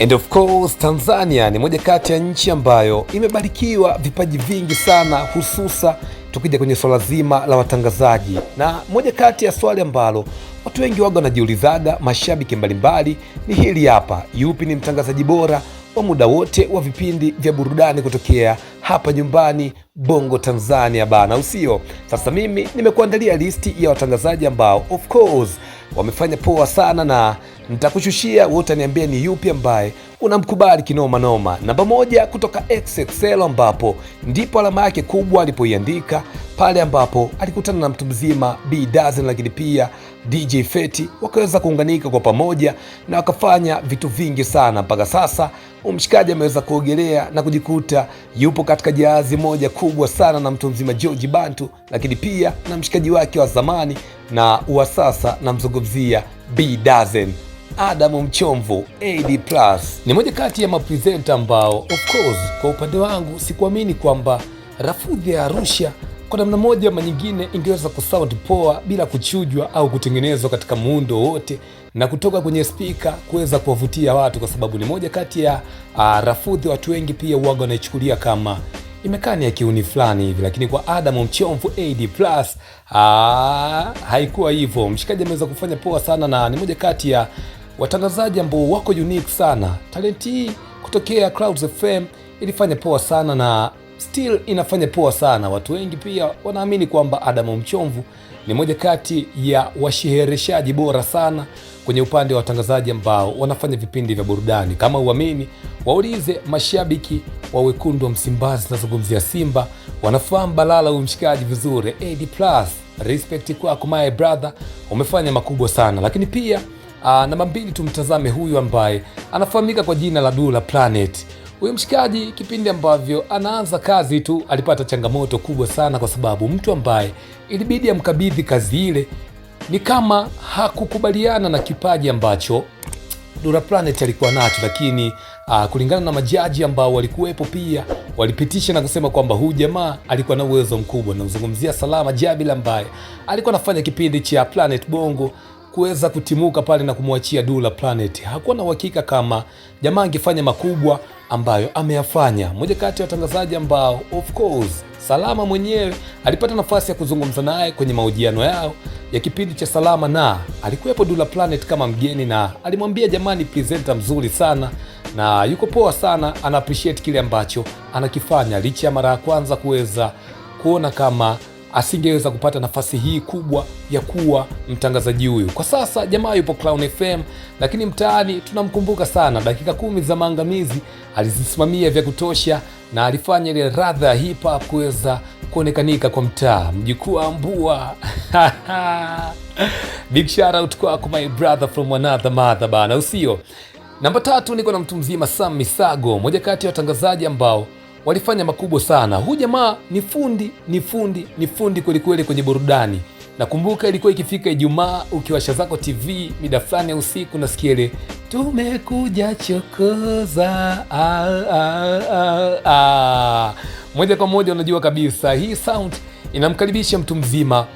And of course Tanzania ni moja kati ya nchi ambayo imebarikiwa vipaji vingi sana, hususa tukija kwenye swala zima la watangazaji, na moja kati ya swali ambalo watu wengi waga wanajiulizaga mashabiki mbalimbali ni hili hapa, yupi ni mtangazaji bora wa muda wote wa vipindi vya burudani kutokea hapa nyumbani Bongo Tanzania bana, usio sasa. Mimi nimekuandalia listi ya watangazaji ambao of course wamefanya poa sana, na nitakushushia wewe, utaniambia ni yupi ambaye unamkubali kinoma noma. Namba moja kutoka XXL, ambapo ndipo alama yake kubwa alipoiandika pale ambapo alikutana na mtu mzima B Dozen, lakini pia DJ Feti wakaweza kuunganika kwa pamoja na wakafanya vitu vingi sana. Mpaka sasa umshikaji ameweza kuogelea na kujikuta yupo katika jahazi moja kubwa sana na mtu mzima George Bantu, lakini pia na mshikaji wake wa zamani na wa sasa, namzungumzia B Dozen Adamu Mchomvu AD Plus. Ni moja kati ya mapresenta ambao of course kwa upande wangu sikuamini kwamba Rafudhi ya Arusha kwa namna moja ama nyingine ingeweza kusound poa bila kuchujwa au kutengenezwa katika muundo wote na kutoka kwenye spika kuweza kuwavutia watu, kwa sababu ni moja kati ya uh, rafudhi watu wengi pia uwaga wanaichukulia kama imekaa ni ya kiuni fulani hivi, lakini kwa Adamu Mchomvu AD Plus ah, haikuwa hivyo. Mshikaji ameweza kufanya poa sana na ni moja kati ya watangazaji ambao wako unique sana. Talenti hii kutokea Clouds FM ilifanya poa sana na still inafanya poa sana. Watu wengi pia wanaamini kwamba adamu Mchomvu ni moja kati ya washehereshaji bora sana kwenye upande wa watangazaji ambao wanafanya vipindi vya burudani. Kama uamini, waulize mashabiki wa wekundu wa Msimbazi, nazungumzia Simba, wanafahamu Balala umshikaji vizuri. AD Plus, respect kwako my brother, umefanya makubwa sana, lakini pia ah, namba mbili, tumtazame huyu ambaye anafahamika kwa jina la Dula Planet. Huyu mshikaji kipindi ambavyo anaanza kazi tu alipata changamoto kubwa sana, kwa sababu mtu ambaye ilibidi amkabidhi kazi ile ni kama hakukubaliana na kipaji ambacho Dura Planet alikuwa nacho, lakini ah, kulingana na majaji ambao walikuwepo pia walipitisha na kusema kwamba huyu jamaa alikuwa na uwezo mkubwa. Namzungumzia Salama Jabir ambaye alikuwa anafanya kipindi cha Planet Bongo kuweza kutimuka pale na kumwachia Dula Planet. Hakuwa na uhakika kama jamaa angefanya makubwa ambayo ameyafanya. Mmoja kati ya watangazaji ambao of course Salama mwenyewe alipata nafasi ya kuzungumza naye kwenye mahojiano yao ya kipindi cha Salama na alikuwepo Dula Planet kama mgeni, na alimwambia jamani, presenter mzuri sana na yuko poa sana, ana appreciate kile ambacho anakifanya licha ya mara ya kwanza kuweza kuona kama asingeweza kupata nafasi hii kubwa ya kuwa mtangazaji huyu. Kwa sasa jamaa yupo Clouds FM, lakini mtaani tunamkumbuka sana. Dakika kumi za maangamizi alizisimamia vya kutosha na alifanya ile radha ya hip hop kuweza kuonekanika kwa mtaa. Mjukuu wa Mbua big shout out kwako my brother from another mother bana, usio namba tatu. Niko na mtu mzima Sam Misago, moja kati ya watangazaji ambao walifanya makubwa sana. Huu jamaa ni fundi, ni fundi, ni fundi kwelikweli kwenye burudani. Nakumbuka ilikuwa ikifika Ijumaa, ukiwasha zako TV mida fulani ya usiku, nasikia ile tumekuja chokoza ah, ah, ah, ah. Moja kwa moja unajua kabisa hii sound inamkaribisha mtu mzima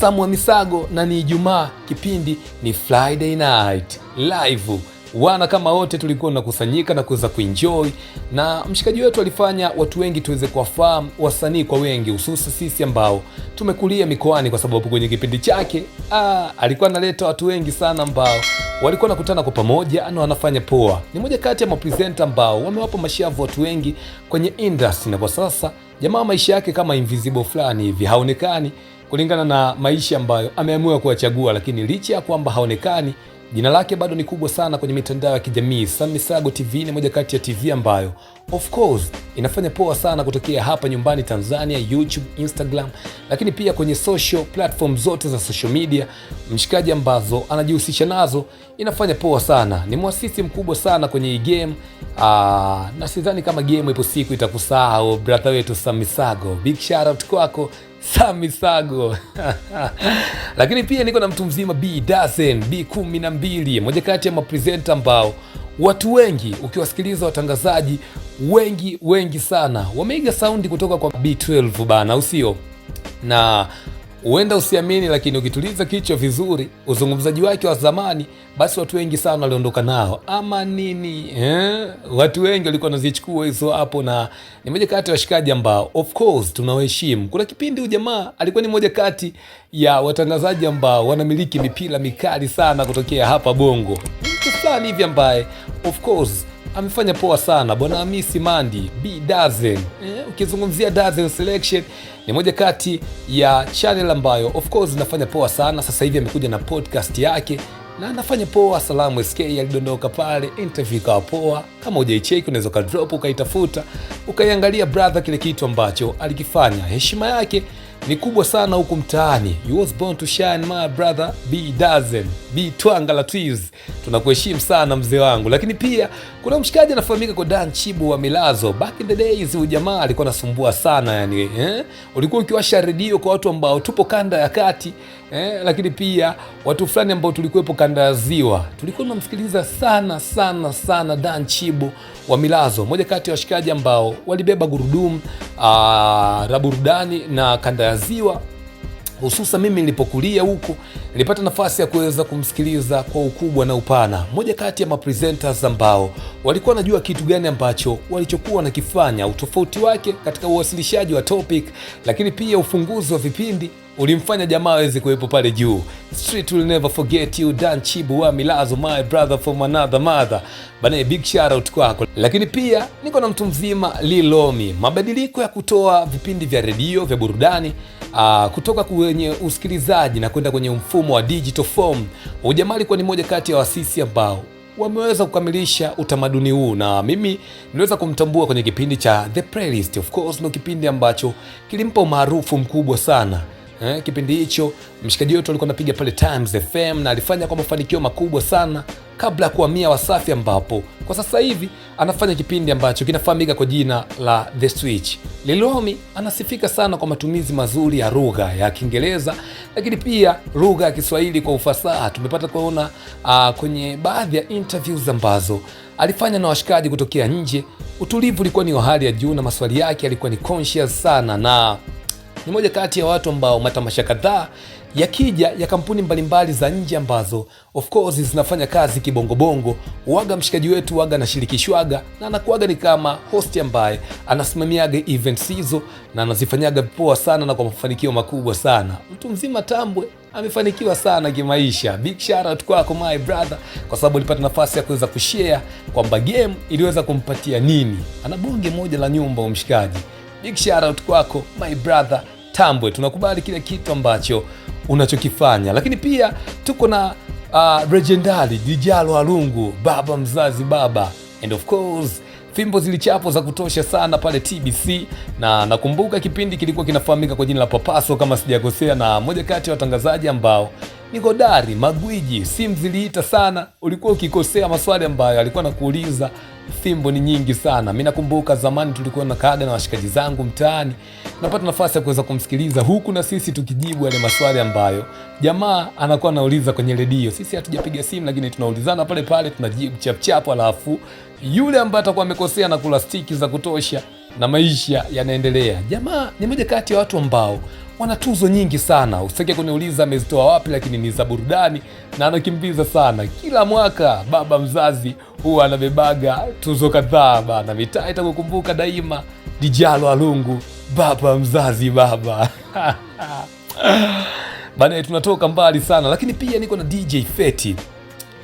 Samu wa Misago, na ni Ijumaa, kipindi ni Friday night live wana kama wote tulikuwa tunakusanyika na kuweza kuenjoy, na mshikaji wetu alifanya watu wengi tuweze kuwafahamu wasanii kwa wengi, hususan sisi ambao tumekulia mikoani, kwa sababu kwenye kipindi chake aa, alikuwa analeta watu wengi sana ambao walikuwa nakutana kwa pamoja na wanafanya poa. Ni moja kati ya mapresenta ambao wamewapa mashavu watu wengi kwenye industry, na kwa sasa jamaa maisha yake kama invisible fulani hivi haonekani kulingana na maisha ambayo ameamua kuwachagua, lakini licha ya kwamba haonekani Jina lake bado ni kubwa sana kwenye mitandao ya kijamii. Sami Sago TV ni moja kati ya TV ambayo of course inafanya poa sana kutokea hapa nyumbani Tanzania, YouTube, Instagram, lakini pia kwenye social platform zote za social media mshikaji ambazo anajihusisha nazo inafanya poa sana. Ni mwasisi mkubwa sana kwenye game. Aa, ah, na sidhani kama game ipo siku itakusahau brother wetu Sami Sago. Big shout out kwako Sami Sago lakini pia niko na mtu mzima B Dasen B kumi na mbili, moja kati ya mapresenta ambao watu wengi ukiwasikiliza watangazaji wengi wengi sana wameiga saundi kutoka kwa B12 bana, usio na Huenda usiamini, lakini ukituliza kichwa vizuri, uzungumzaji wake wa zamani, basi watu wengi sana waliondoka nao ama nini eh? Watu wengi walikuwa wanazichukua hizo hapo, na ni moja kati ya washikaji ambao of course tunawaheshimu. Kuna kipindi ujamaa alikuwa ni moja kati ya watangazaji ambao wanamiliki mipira mikali sana kutokea hapa Bongo, mtu fulani hivi ambaye of course amefanya poa sana bwana Hamisi Mandi B Dazen. Eh, ukizungumzia Dazen Selection ni moja kati ya channel ambayo of course inafanya poa sana sasa hivi, amekuja na podcast yake na anafanya poa. Salamu SK alidondoka pale, interview ikawa poa. Kama hujaicheki unaweza ukadrop ukaitafuta ukaiangalia brother, kile kitu ambacho alikifanya, heshima yake ni kubwa sana huku mtaani. You was born to shine my brother, b dozen, b twanga la twiz. Tunakuheshimu sana mzee wangu. Lakini pia kuna mshikaji anafahamika kwa Dan Chibu wa Milazo. Back in the days huyu jamaa alikuwa anasumbua sana yani, eh? Ulikuwa ukiwasha redio kwa watu ambao tupo kanda ya kati eh, lakini pia watu fulani ambao tulikuwepo kanda ya Ziwa tulikuwa tunamsikiliza sana sana sana Dan Chibo wa Milazo, moja kati ya washikaji ambao walibeba gurudumu ah, la burudani na kanda ya Ziwa hususa mimi nilipokulia huko nilipata nafasi ya kuweza kumsikiliza kwa ukubwa na upana. Moja kati ya mapresenters ambao walikuwa wanajua kitu gani ambacho walichokuwa wanakifanya, utofauti wake katika uwasilishaji wa topic, lakini pia ufunguzi wa vipindi ulimfanya jamaa aweze kuwepo pale juu. Street will never forget you, Dan Chibu wa Milazo, my brother from another mother. Bana, big shout out kwako. Lakini pia niko na mtu mzima Lilomi, mabadiliko ya kutoa vipindi vya redio vya burudani Uh, kutoka kwenye usikilizaji na kwenda kwenye mfumo wa digital form. Ujamaa alikuwa ni moja kati ya wasisi ambao wameweza kukamilisha utamaduni huu na mimi niliweza kumtambua kwenye kipindi cha The Playlist. Of course, ndio kipindi ambacho kilimpa umaarufu mkubwa sana eh, kipindi hicho mshikaji wetu alikuwa anapiga pale Times FM na alifanya kwa mafanikio makubwa sana kabla ya kuhamia Wasafi, ambapo kwa sasa hivi anafanya kipindi ambacho kinafahamika kwa jina la The Switch. Lilomi anasifika sana kwa matumizi mazuri ya lugha ya Kiingereza, lakini pia lugha ya Kiswahili kwa ufasaha. Tumepata kuona uh, kwenye baadhi ya interviews ambazo alifanya na washikaji kutokea nje. Utulivu ulikuwa ni wa hali ya juu na maswali yake yalikuwa ni conscious sana na ni moja kati ya watu ambao matamasha kadhaa yakija ya kampuni mbalimbali za nje ambazo of course zinafanya kazi kibongobongo, waga mshikaji wetu waga anashirikishwaga na anakuaga ni kama host ambaye anasimamiaga events hizo na anazifanyaga poa sana na kwa mafanikio makubwa sana. Mtu mzima Tambwe amefanikiwa sana kimaisha. Big shout out kwako my brother, kwa sababu alipata nafasi ya kuweza kushare kwamba game iliweza kumpatia nini. Ana bonge moja la nyumba umshikaji big shout out kwako my brother Tambwe. Tunakubali kile kitu ambacho unachokifanya, lakini pia tuko na uh, legendary Dijalo Alungu, baba mzazi, baba and of course fimbo zilichapo za kutosha sana pale TBC, na nakumbuka kipindi kilikuwa kinafahamika kwa jina la Papaso kama sijakosea, na moja kati ya watangazaji ambao ni hodari magwiji, simu ziliita sana, ulikuwa ukikosea maswali ambayo alikuwa nakuuliza fimbo ni nyingi sana. Mimi nakumbuka zamani tulikuwa nakaaga na washikaji zangu mtaani, napata nafasi ya kuweza kumsikiliza huku na sisi tukijibu yale maswali ambayo jamaa anakuwa anauliza kwenye redio. Sisi hatujapiga simu, lakini tunaulizana pale pale, tunajibu chapchapu, alafu yule ambaye atakuwa amekosea na kula stiki za kutosha na maisha yanaendelea. Jamaa ni moja kati ya watu ambao wana tuzo nyingi sana, usitake kuniuliza amezitoa wapi, lakini ni za burudani na anakimbiza sana. Kila mwaka baba mzazi huwa anabebaga tuzo kadhaa bana, mitaa itakukumbuka daima. Dijalo Alungu, baba mzazi, baba bana. Tunatoka mbali sana, lakini pia niko na DJ Feti.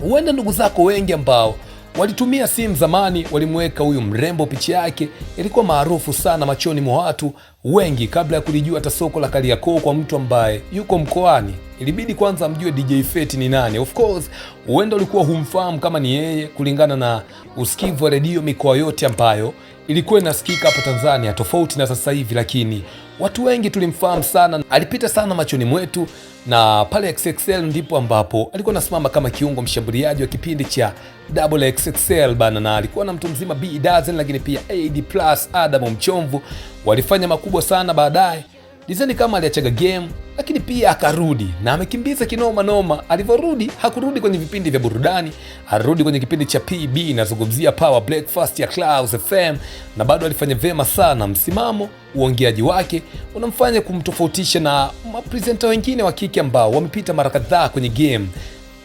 Huenda ndugu zako wengi ambao Walitumia simu zamani, walimweka huyu mrembo, picha yake ilikuwa maarufu sana machoni mwa watu wengi, kabla ya kulijua hata soko la Kariakoo. Kwa mtu ambaye yuko mkoani, ilibidi kwanza amjue DJ Feti ni nani. Of course, huenda ulikuwa humfahamu kama ni yeye, kulingana na usikivu wa redio mikoa yote ambayo ilikuwa inasikika hapa Tanzania tofauti na sasa hivi, lakini watu wengi tulimfahamu sana, alipita sana machoni mwetu, na pale XXL ndipo ambapo alikuwa anasimama kama kiungo mshambuliaji wa kipindi cha Double XXL bana, na alikuwa na mtu mzima B Dazen, lakini pia AD Plus Adam Mchomvu walifanya makubwa sana baadaye Dizeni kama aliachaga game lakini pia akarudi na amekimbiza kinoma noma. Alivyorudi hakurudi kwenye vipindi vya burudani, alirudi kwenye kipindi cha PB, nazungumzia Power Breakfast ya Clouds FM, na bado alifanya vyema sana. Msimamo, uongeaji wake unamfanya kumtofautisha na mapresenta wengine wa kike ambao wamepita mara kadhaa kwenye game.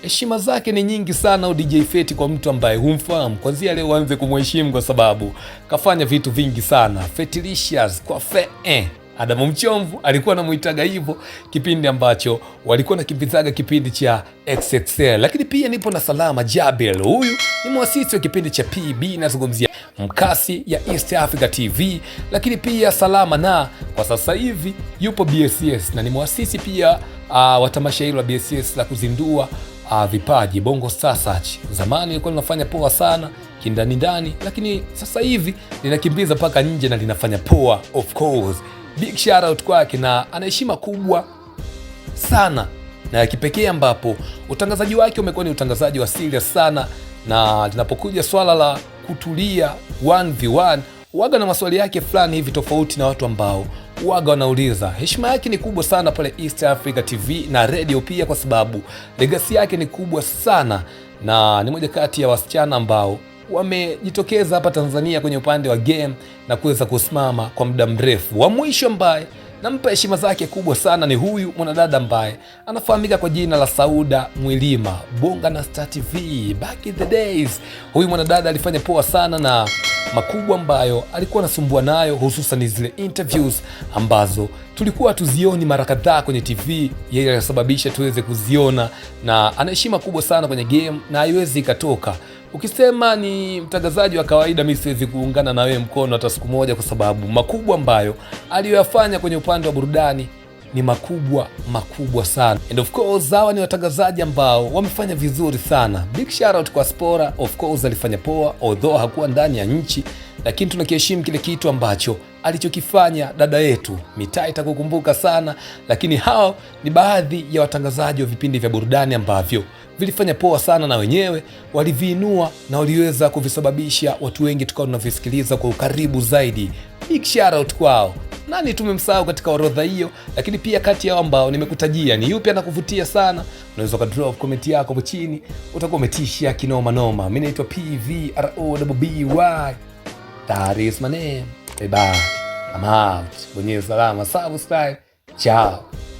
Heshima zake ni nyingi sana DJ Feti, kwa mtu ambaye humfahamu kwanzia leo anze kumheshimu, kwa sababu kafanya vitu vingi sana. Fetilicious kwa fe eh. Adamu Mchomvu alikuwa anamuitaga hivyo kipindi ambacho walikuwa nakimbizaga kipindi cha XXL. Lakini pia nipo na Salama Jabel, huyu ni mwasisi wa kipindi cha PB, nazungumzia mkasi ya East Africa TV. Lakini pia Salama na kwa sasa hivi yupo BSS na ni mwasisi pia uh, wa tamasha hilo la BSS la kuzindua uh, vipaji Bongo Star Search. Zamani ilikuwa linafanya poa sana kindani ndani, lakini sasa hivi linakimbiza mpaka nje na linafanya poa of course big shout out kwake, na ana heshima kubwa sana na ya kipekee, ambapo utangazaji wake umekuwa ni utangazaji wa serious sana, na linapokuja swala la kutulia 1v1 waga na maswali yake fulani hivi tofauti na watu ambao waga wanauliza. Heshima yake ni kubwa sana pale East Africa TV na radio pia, kwa sababu legasi yake ni kubwa sana na ni moja kati ya wasichana ambao wamejitokeza hapa Tanzania kwenye upande wa game na kuweza kusimama kwa muda mrefu. Wa mwisho ambaye nampa heshima zake kubwa sana ni huyu mwanadada ambaye anafahamika kwa jina la Sauda Mwilima, Bonga na Star TV back in the days. Huyu mwanadada alifanya poa sana na makubwa ambayo alikuwa anasumbua nayo hususan zile interviews ambazo tulikuwa tuzioni mara kadhaa kwenye TV, yeye anasababisha tuweze kuziona, na ana heshima kubwa sana kwenye game na haiwezi ikatoka. Ukisema ni mtangazaji wa kawaida, mi siwezi kuungana na wewe mkono hata siku moja, kwa sababu makubwa ambayo aliyoyafanya kwenye upande wa burudani ni makubwa makubwa sana, and of course hawa ni watangazaji ambao wamefanya vizuri sana. Big shout out kwa Spora, of course alifanya poa, although hakuwa ndani ya nchi lakini tunakiheshimu kile kitu ambacho alichokifanya dada yetu. Mitaa itakukumbuka sana, lakini hao ni baadhi ya watangazaji wa vipindi vya burudani ambavyo vilifanya poa sana, na wenyewe waliviinua na waliweza kuvisababisha watu wengi tukawa tunavisikiliza kwa ukaribu zaidi. Big shout out kwao. Nani tumemsahau katika orodha hiyo? Lakini pia kati yao ambao nimekutajia ni yupi anakuvutia sana? Unaweza ka drop comment yako hapo chini, utakuwa umetisha kinoma noma. Mimi naitwa PVROBBY. bye. Mané, Beba, Amat, Bonito Salam, Salve, Subscribe. Tchau.